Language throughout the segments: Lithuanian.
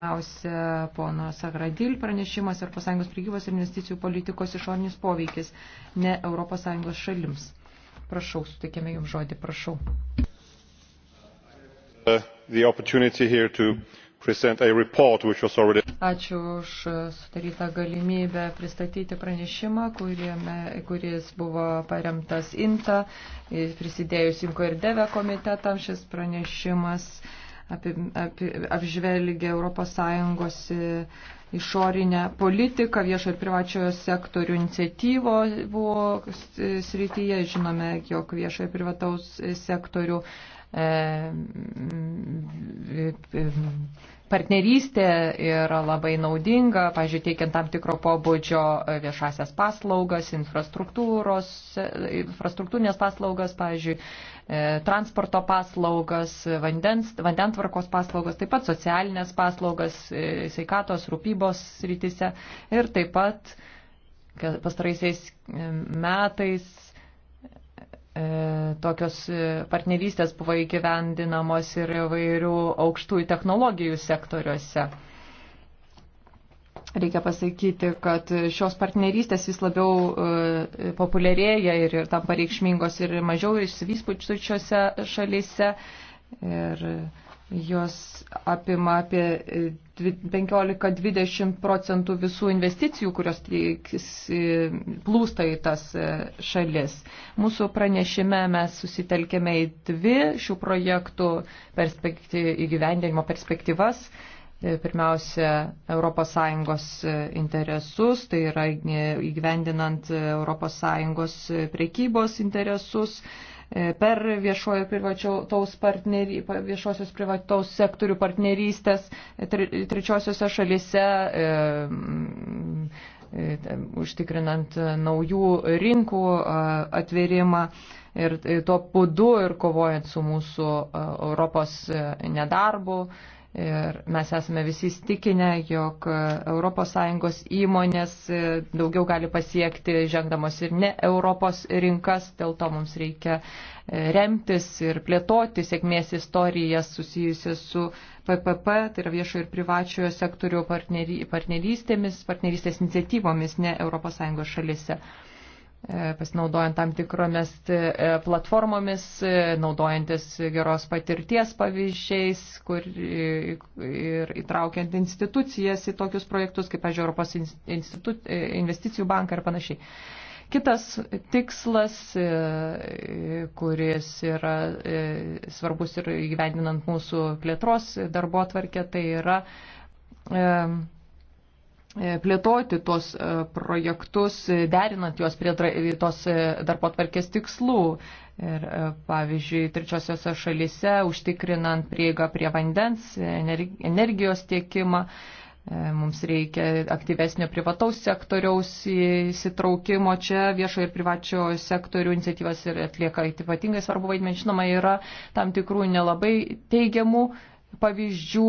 Pirmiausia, pono Sagradil pranešimas Europos Sąjungos prigybos ir investicijų politikos išorinis poveikis ne Europos Sąjungos šalims. Prašau, sutikėme jums žodį, prašau. Uh, report, already... Ačiū už sudarytą galimybę pristatyti pranešimą, kuriame, kuris buvo paremtas INTA, prisidėjus INKO ir DEVE komitetam šis pranešimas. Uh, apie, apie, apžvelgia ES e, išorinę politiką, viešo ir privačiojo sektorių iniciatyvo buvo e, srityje. Žinome, jog viešo ir privataus e, sektorių e, partnerystė yra labai naudinga, pažiūrėjau, teikiant tam tikro pobūdžio e, viešasias paslaugas, e, infrastruktūrinės paslaugas, pažiūrėjau, e, transporto paslaugas, vandens, vandentvarkos paslaugas, taip pat socialinės paslaugas, sveikatos, rūpybos srityse ir taip pat pastaraisiais metais E, tokios e, partnerystės buvo įgyvendinamos ir įvairių aukštųjų technologijų sektoriuose. Reikia pasakyti, kad šios partnerystės vis labiau e, populiarėja ir, ir tampa reikšmingos ir mažiau išsivyspučiuose šalyse. Ir, Jos apima apie 15-20 e, procentų visų investicijų, kurios e, plūsta į tas e, šalis. Mūsų pranešime mes susitelkėme į dvi šių projektų perspektyv, įgyvendinimo perspektyvas. Pirmiausia, ES interesus, tai yra įgyvendinant ES priekybos interesus E, per viešojo privataus partnery, viešosios privataus sektorių partnerystės e, trečiosiose šalise, e, užtikrinant naujų rinkų atverimą ir tuo būdu ir kovojant su mūsų Europos nedarbu Ir mes esame visi įstikinę, jog ES įmonės e, daugiau gali pasiekti žengdamos ir ne Europos rinkas, dėl to mums reikia e, remtis ir plėtoti sėkmės istorijas susijusias su PPP, tai yra viešo ir privačiojo sektorių partnerystėmis, partnerystės iniciatyvomis ne ES šalise. E, pasinaudojant tam tikromis e, platformomis, e, naudojantis geros patirties pavyzdžiais kur, ir įtraukiant institucijas į tokius projektus, kaip, pažiūrėjau, Europos institut, investicijų banką ir panašiai. Kitas tikslas, kuris yra svarbus ir gyvendinant mūsų plėtros darbo atvarkę, tai yra E, plėtoti tuos e, projektus, e, derinant juos prie tos darbo tvarkės tikslų. Ir, pavyzdžiui, trečiosiose šalise užtikrinant prieigą prie vandens, energijos tiekimą, mums reikia aktyvesnio privataus sektoriaus įsitraukimo. Čia viešo ir privačio sektorių iniciatyvas ir atlieka ypatingai svarbu vaidmenį. Žinoma, yra tam tikrų nelabai teigiamų pavyzdžių,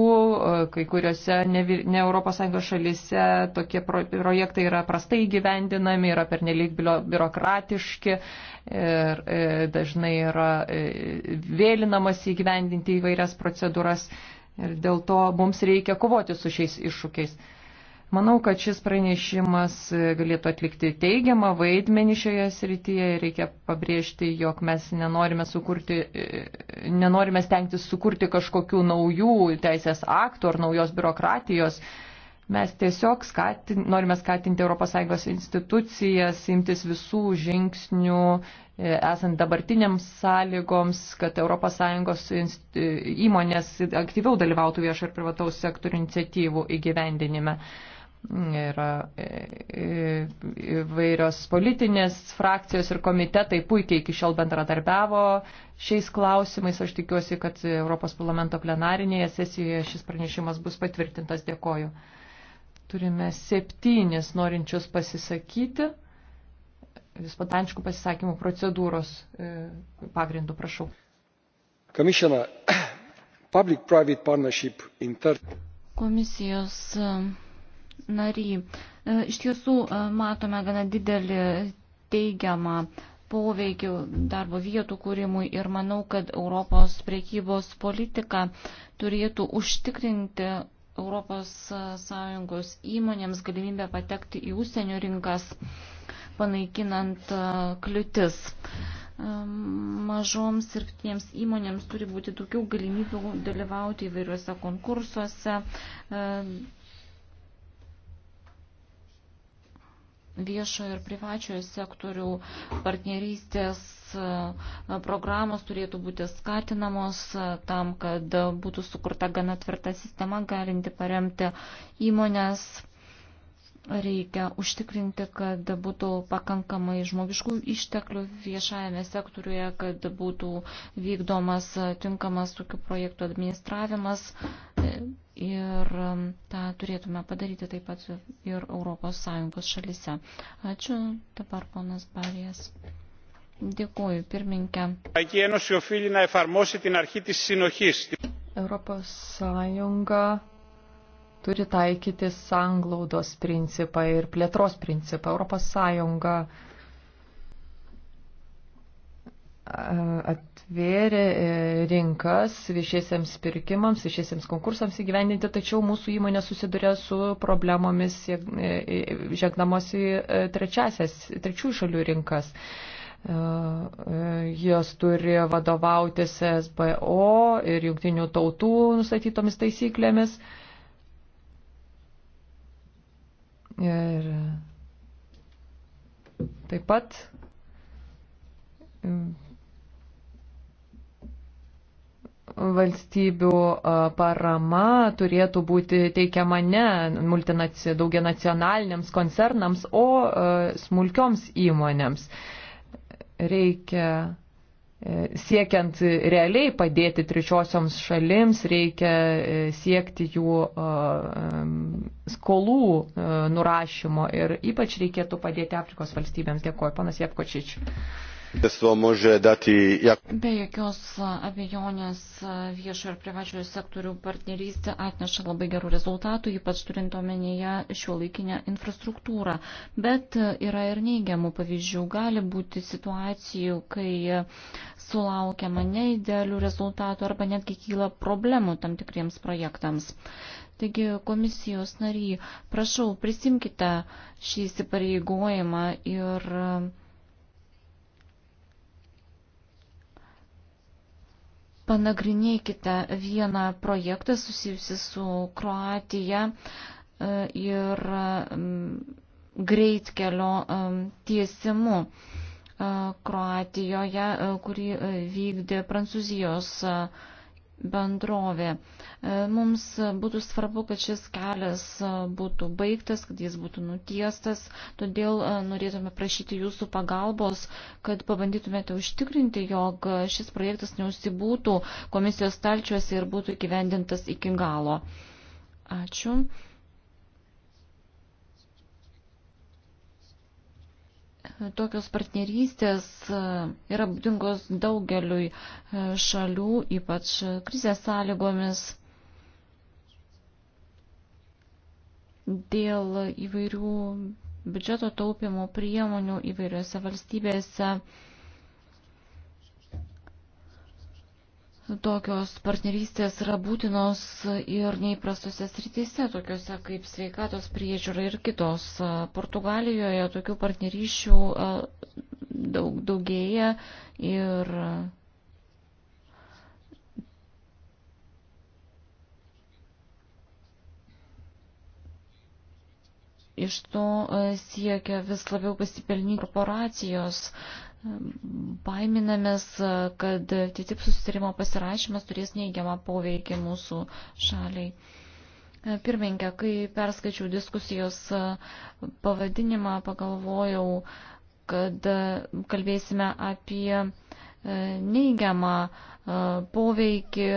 e, kai kuriuose ne, ne ES šalise tokie pro, projektai yra prastai gyvendinami, yra pernelyg biurokratiški ir e, dažnai yra e, vėlinamas įgyvendinti įvairias procedūras ir dėl to mums reikia kovoti su šiais iššūkiais. Manau, kad šis pranešimas galėtų atlikti teigiamą vaidmenį šioje srityje ir reikia pabrėžti, jog mes nenorime, sukurti, nenorime stengtis sukurti kažkokių naujų teisės aktų ar naujos biurokratijos. Mes tiesiog skatin, norime skatinti ES institucijas, imtis visų žingsnių, e, esant dabartiniams sąlygoms, kad ES e, įmonės aktyviau dalyvautų viešo ir privataus sektorių iniciatyvų įgyvendinime yra e, e, įvairios politinės frakcijos ir komitetai puikiai iki šiol bendradarbiavo šiais klausimais. Aš tikiuosi, kad Europos parlamento plenarinėje sesijoje šis pranešimas bus patvirtintas. Dėkoju. Turime septynis norinčius pasisakyti. Vispatančių pasisakymų procedūros e, pagrindų, prašau. Komisijos nary. E, iš tiesų e, matome gana didelį teigiamą poveikių darbo vietų kūrimui ir manau, kad Europos priekybos politika turėtų užtikrinti ES įmonėms galimybę patekti į ūsienio rinkas, panaikinant e, kliūtis. Mažoms ir tiems įmonėms turi būti daugiau galimybių dalyvauti įvairiuose konkursuose, viešojo ir privačiojo sektorių partnerystės e, programos turėtų būti skatinamos e, tam, kad būtų sukurta gana tvirta sistema, galinti paremti įmonės Reikia užtikrinti, kad būtų pakankamai žmogiškų išteklių viešajame sektoriuje, kad būtų vykdomas tinkamas tokių projektų administravimas ir um, tą turėtume padaryti taip pat ir ES šalise. Ačiū, dabar ponas Barijas. Dėkuoju, pirmininkė. Europos Sąjunga turi taikyti sanglaudos principą ir plėtros principą. Europos Sąjunga atvėrė e, rinkas viešiesiems pirkimams, viešiesiems konkursams įgyvendinti, tačiau mūsų įmonė susiduria su problemomis e, e, žengdamos į trečiasias, trečių šalių rinkas. Jos turi vadovautis SBO ir jungtinių tautų nustatytomis taisyklėmis. Ir taip pat mm, valstybių parama turėtų būti teikiama ne daugianacionaliniams koncernams, o smulkioms įmonėms. Reikia E, siekiant realiai padėti trečiosioms šalims, reikia e, siekti jų e, skolų nurašymo ir ypač reikėtų padėti Afrikos valstybėms. Dėkuoju, panas Jepkočič. Be jokios abejonės viešo ir privačiojo sektorių partnerystė atneša labai gerų rezultatų, ypač turint omenyje šio laikinę infrastruktūrą. Bet yra ir neigiamų pavyzdžių. Gali būti situacijų, kai sulaukiama neidėlių rezultatų arba netgi kyla problemų tam tikriems projektams. Taigi, komisijos nariai, prašau, prisimkite šį įsipareigojimą ir panagrinėkite vieną projektą susijusi su Kroatija e, ir greitkelio e, tiesimu e, Kroatijoje, kurį vykdė Prancūzijos bendrovė. E, mums būtų svarbu, kad šis kelias e, būtų baigtas, kad jis būtų nutiestas, todėl e, norėtume prašyti jūsų pagalbos, kad pabandytumėte užtikrinti, jog šis projektas neusibūtų komisijos stalčiuose ir būtų įgyvendintas iki galo. Ačiū. Tokios partnerystės e, yra būdingos daugeliui e, šalių, ypač krizės sąlygomis. Dėl įvairių biudžeto taupimo priemonių įvairiose valstybėse Tokios partnerystės yra būtinos ir neįprastose srityse, tokiuose kaip sveikatos priežiūra ir kitos. Portugalijoje tokių partnerysčių daug, daugėja ir iš to siekia vis labiau pasipelnyti korporacijos. Baiminamės, kad TTIP susitarimo pasirašymas turės neigiamą poveikį mūsų šaliai. Pirmininkė, kai perskaičiau diskusijos pavadinimą, pagalvojau, kad kalbėsime apie neigiamą poveikį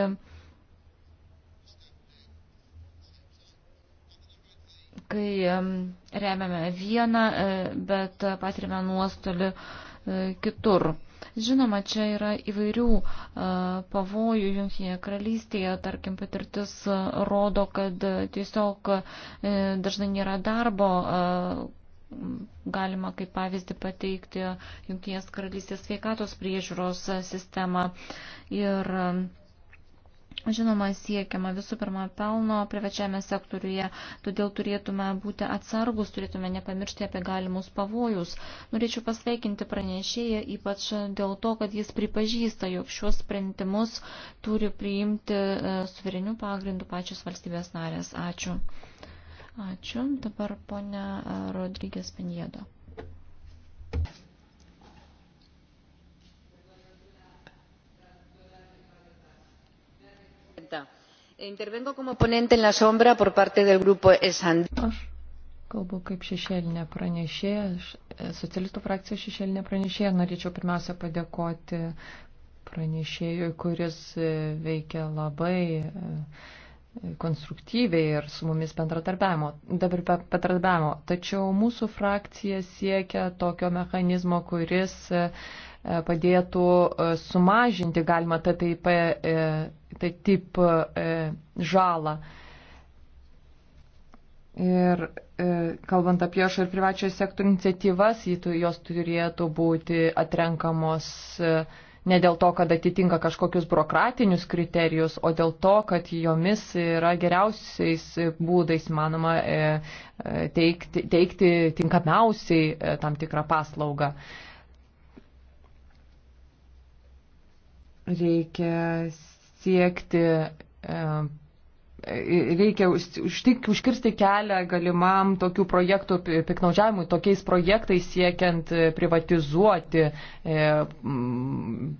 kai remiame vieną, bet patirime nuostolį E, kitur. Žinoma, čia yra įvairių e, pavojų Junktinėje karalystėje, tarkim, patirtis e, rodo, kad tiesiog dažnai nėra darbo. Galima kaip pavyzdį pateikti Junktinės karalystės sveikatos priežiūros sistemą. Ir Žinoma, siekiama visų pirma pelno privačiame sektoriuje, todėl turėtume būti atsargus, turėtume nepamiršti apie galimus pavojus. Norėčiau pasveikinti pranešėją, ypač dėl to, kad jis pripažįsta, jog šiuos sprendimus turi priimti e, suverenių pagrindų pačios valstybės narės. Ačiū. Ačiū. Dabar ponia Rodrygės Penjedo. E intervengo como ponente en la sombra por parte del grupo SND. Aš kalbu kaip šešėlinė pranešėja, e, socialistų frakcijos šešėlinė pranešėja. Norėčiau pirmiausia padėkoti pranešėjui, kuris e, veikia labai uh, konstruktyviai ir su mumis bendradarbiavimo, dabar bendradarbiavimo. Tačiau mūsų frakcija siekia tokio mechanizmo, kuris e, padėtų e, sumažinti galima tą taip, e, taip, taip žalą. Ir kalbant apie viešo ir privačio sektorių iniciatyvas, jos turėtų būti atrenkamos ne dėl to, kad atitinka kažkokius biurokratinius kriterijus, o dėl to, kad jomis yra geriausiais būdais manoma e, e, teikti, teikti tinkamiausiai e, tam tikrą paslaugą. Reikia siekti reikia užtik, užkirsti kelią galimam tokių projektų piknaudžiavimui, tokiais projektais siekiant e, privatizuoti e,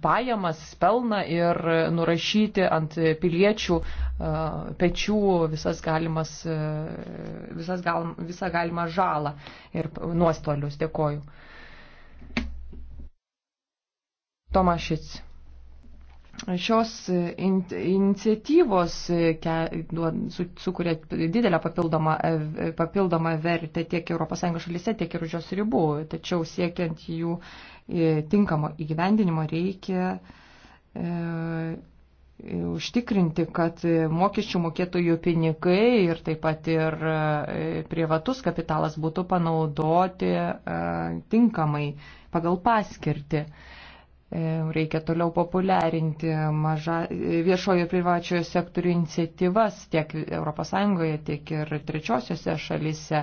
pajamas, pelną ir nurašyti ant piliečių e, pečių visas galimas, visas gal, visą galimą žalą ir nuostolius. Dėkoju. Tomašic šios in iniciatyvos e, ke, su, sukuria didelę papildomą, e, papildomą vertę tiek ES šalyse, tiek ir už jos ribų. Tačiau siekiant jų e, tinkamo įgyvendinimo reikia e, užtikrinti, kad mokesčių mokėtojų pinigai ir taip pat ir privatus kapitalas būtų panaudoti tinkamai pagal paskirtį. E, reikia toliau populiarinti maža, viešojo ir privačiojo sektorių iniciatyvas tiek ES, tiek ir trečiosiose šalise.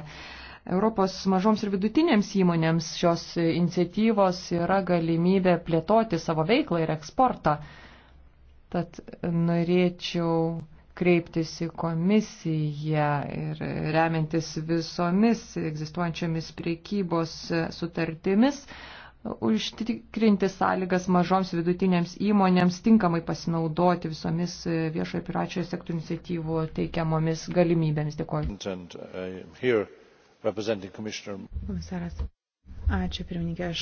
Europos mažoms ir vidutinėms įmonėms šios iniciatyvos yra galimybė plėtoti savo veiklą ir eksportą. Tad norėčiau kreiptis į komisiją ir remiantis visomis egzistuojančiomis priekybos sutartimis užtikrinti sąlygas mažoms vidutinėms įmonėms tinkamai pasinaudoti visomis e, viešojo piračiojo sektorių iniciatyvų teikiamomis galimybėmis. Dėkuoju. Uh, Komisaras. Ačiū, pirmininkė. Aš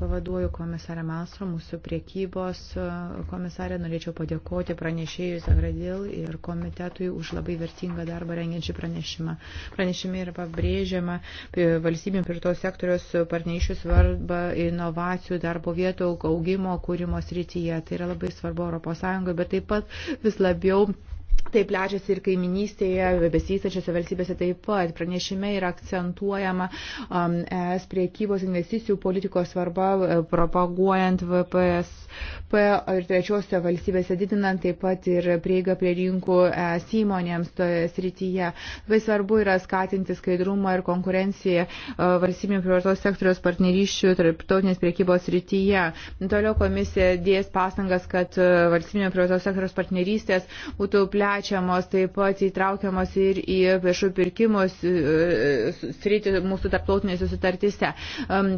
pavaduoju komisarę Malstro, mūsų priekybos e, komisarę. Norėčiau padėkoti pranešėjui Zagradil ir komitetui už labai vertingą darbą rengiančią pranešimą. Pranešime yra pabrėžiama e, valstybių pirto sektoriaus partnerysčių svarba inovacijų, darbo vietų, augimo, kūrimo srityje. Tai yra labai svarbu ES, bet taip pat vis labiau Taip plečiasi ir kaiminystėje, besivystančiose valstybėse taip pat. Pranešime yra akcentuojama um, es priekybos investicijų politikos svarba, e, propaguojant VPSP ir trečiose valstybėse didinant taip pat ir prieigą prie rinkų es įmonėms toje srityje. Labai svarbu yra skatinti skaidrumą ir konkurenciją e, valstybinių privatos sektoriaus partnerysčių tarptautinės priekybos srityje. Toliau komisija dės pastangas, kad e, valstybinio privatos sektoriaus partnerystės būtų plečiamas plečiamos, taip pat įtraukiamos ir į viešų pirkimus e, sritį mūsų tarptautinėse sutartyse.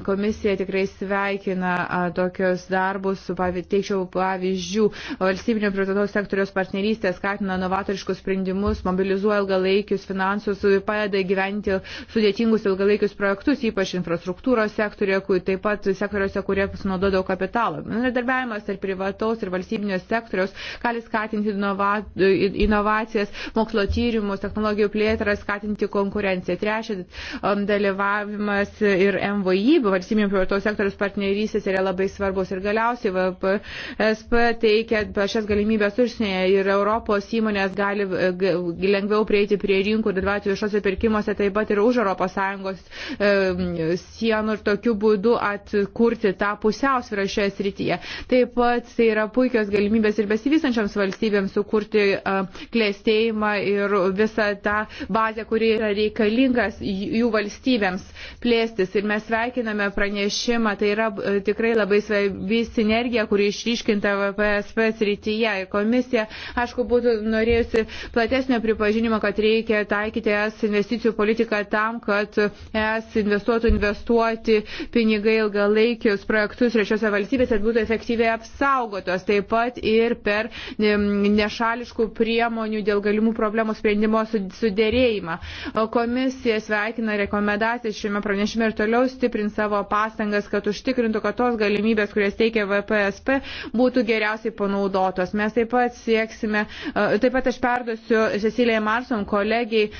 Komisija tikrai sveikina tokius darbus, teikčiau pavyzdžių, valstybinio privataus sektoriaus partnerystė skatina novatoriškus sprendimus, mobilizuoja ilgalaikius finansus, padeda gyventi sudėtingus ilgalaikius projektus, ypač infrastruktūros sektorėje, taip pat sektoriuose, kurie pasinaudo daug kapitalo. Bendradarbiavimas tarp privataus ir valstybinio sektoriaus gali skatinti inovacijų inovacijas, mokslo tyrimus, technologijų plėtrą, skatinti konkurenciją. Trečia, um, dalyvavimas ir MVI, valstybinių privataus sektoriaus partnerystės yra labai svarbus. Ir galiausiai VPSP teikia šias galimybės užsienyje ir Europos įmonės gali e, lengviau prieiti prie rinkų ir dalyvauti viešose pirkimuose taip pat ir už ES sienų ir tokiu būdu atkurti tą pusiausvyrą šioje srityje. Taip pat tai yra puikios galimybės ir besivystančiams valstybėms sukurti uh, klėstėjimą ir visą tą bazę, kuri yra reikalingas jų valstybėms plėstis. Ir mes sveikiname pranešimą, tai yra e, tikrai labai svarbi sinergija, kuri išryškinta VPSP srityje. Ir komisija, aišku, būtų norėjusi platesnio pripažinimo, kad reikia taikyti es investicijų politiką tam, kad es investuotų investuoti pinigai ilgalaikius projektus trečiose valstybėse, kad būtų efektyviai apsaugotos. Taip pat ir per nešališkų priemonių priemonių dėl galimų problemų sprendimo sudėrėjimą. Komisija sveikina rekomendacijas šiame pranešime ir toliau stiprins savo pastangas, kad užtikrintų, kad tos galimybės, kurias teikia VPSP, būtų geriausiai panaudotos. Mes taip pat sieksime, e, taip pat aš perduosiu Cecilijai Marson kolegijai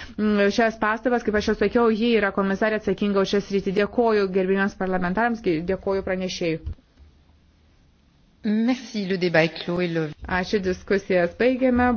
šias pastabas, kaip aš jau sakiau, ji yra komisarė atsakinga už šias rytį. Dėkoju gerbiniams parlamentarams, dėkoju pranešėjui. Merci, le débat est clos et le... Ačiū diskusijas. Baigiame.